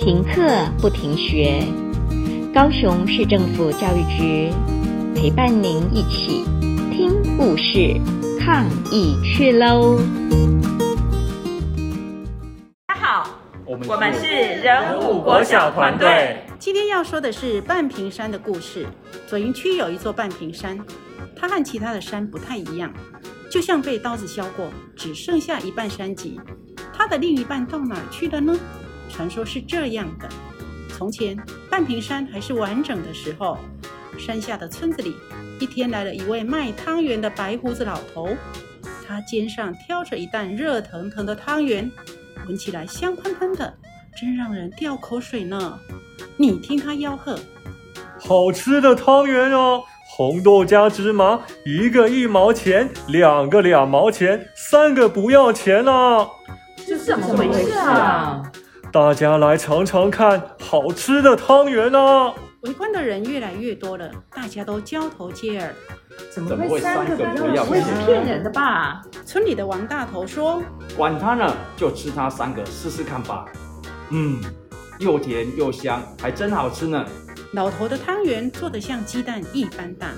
停課不停學，高雄市政府教育局陪伴您一起聽故事，抗疫去嘍！大家好，我們是仁武國小團隊。今天要說的是半屏山的故事。左營區有一座半屏山，它和其他的山不太一樣，就像被刀子削過，只剩下一半山脊。它的另一半到哪兒去了呢？傳說是這樣的：從前半屏山還是完整的時候，山下的村子裡，一天來了一位賣湯圓的白鬍子老頭，他肩上挑着一擔熱騰騰的湯圓，聞起來香噴噴的，真讓人掉口水呢。你聽他吆喝：“好吃的湯圓哦、啊，紅豆加芝麻，一個一毛錢，兩個兩毛錢，三個不要錢了、啊。”這是怎麼回事啊？大家來嘗嘗看，好吃的湯圓哦、啊。圍觀的人越來越多了，大家都交頭接耳。怎麼會三個，三個不要錢？不會是騙人的吧？村裡的王大頭說：“管他呢，就吃他三個試試看吧。”嗯，又甜又香，還真好吃呢。老頭的湯圓做得像雞蛋一般大，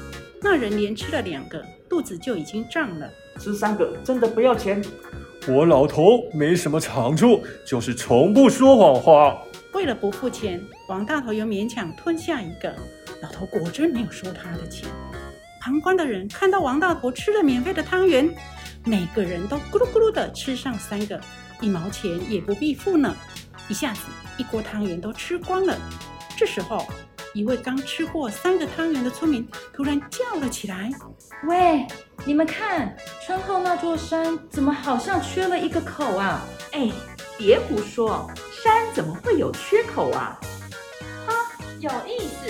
那人連吃了兩個，肚子就已經脹了。吃三個真的不要錢？我老頭沒什麼長處，就是從不說謊話。為了不付錢，王大頭又勉強吞下一個。老頭果真沒有收他的錢。旁觀的人看到王大頭吃了免費的湯圓，每個人都咕嚕咕嚕地吃上三個，一毛錢也不必付呢。一下子一鍋湯圓都吃光了。這時候，一位剛吃過三個湯圓的村民突然叫了起來：“喂！”你們看，村後那座山怎麼好像缺了一個口啊？哎，別胡說，山怎麼會有缺口啊？哈、哦，有意思，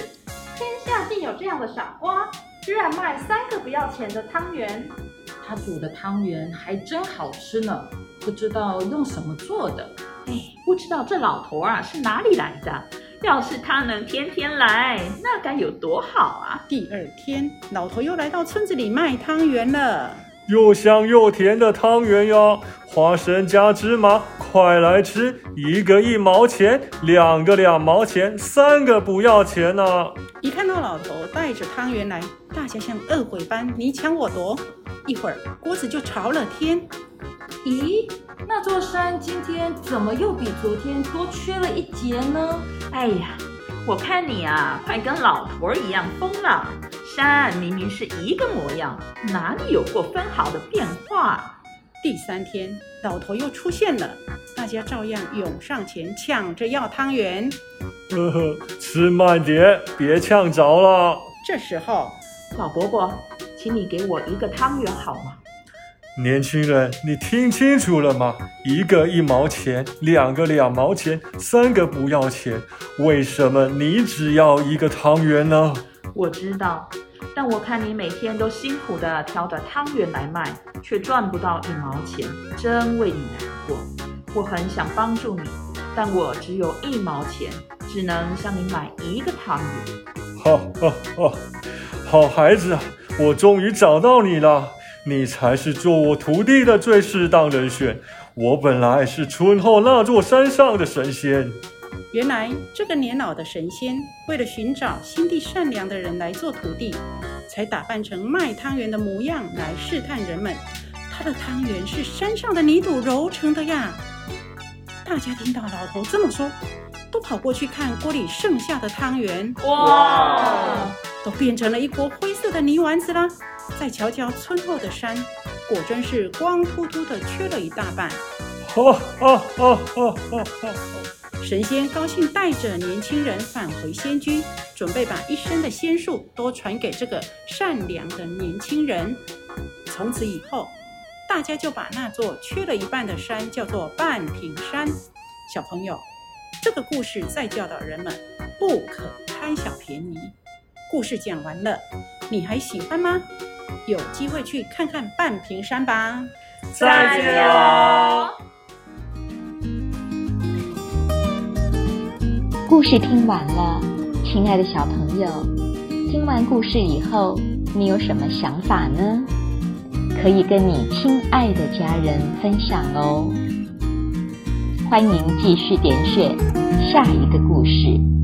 天下竟有這樣的傻瓜，居然賣三個不要錢的湯圓。他煮的湯圓還真好吃呢，不知道用什麼做的。哎，不知道這老頭啊是哪裡來的？要是他能天天來，那該有多好啊！第二天，老頭又來到村子裡賣湯圓了，又香又甜的湯圓喲，花生加芝麻，快來吃，一個一毛錢，兩個兩毛錢，三個不要錢呢、啊！一看到老頭帶着湯圓來，大家像餓鬼般你搶我奪，一會兒鍋子就朝了天。咦？那座山今天怎麼又比昨天多缺了一截呢？哎呀，我看你啊，快跟老頭兒一樣瘋了。山明明是一個模樣，哪裡有過分毫的變化？第三天，老頭又出現了，大家照樣湧上前搶着要湯圓。呵、呃、呵，吃慢點，別嗆着了。這時候，老伯伯，請你給我一個湯圓好嗎？年輕人，你聽清楚了嗎？一個一毛錢，兩個兩毛錢，三個不要錢。為什麼你只要一個湯圓呢？我知道，但我看你每天都辛苦地挑着湯圓來賣，卻賺不到一毛錢，真為你難過。我很想幫助你，但我只有一毛錢，只能向你買一個湯圓。好好，好，好孩子，我終於找到你了。你才是做我徒弟的最適當人選。我本來是村後那座山上的神仙。原來這個年老的神仙為了尋找心地善良的人來做徒弟，才打扮成賣湯圓的模樣來試探人們。他的湯圓是山上的泥土揉成的呀！大家聽到老頭這麼說，都跑過去看鍋裡剩下的湯圓。哇，哇都變成了一鍋灰色的泥丸子了。再瞧瞧村後的山，果真是光禿禿的，缺了一大半。Oh, oh, oh, oh, oh, oh 神仙高興，帶着年輕人返回仙居，準備把一身的仙術都傳給這個善良的年輕人。從此以後，大家就把那座缺了一半的山叫做半屏山。小朋友，這個故事在教導人們不可貪小便宜。故事講完了，你還喜歡嗎？有機會去看看半屏山吧，再見嘍。故事聽完了，親愛的小朋友，聽完故事以後，你有什麼想法呢？可以跟你親愛的家人分享哦。歡迎繼續點選下一個故事。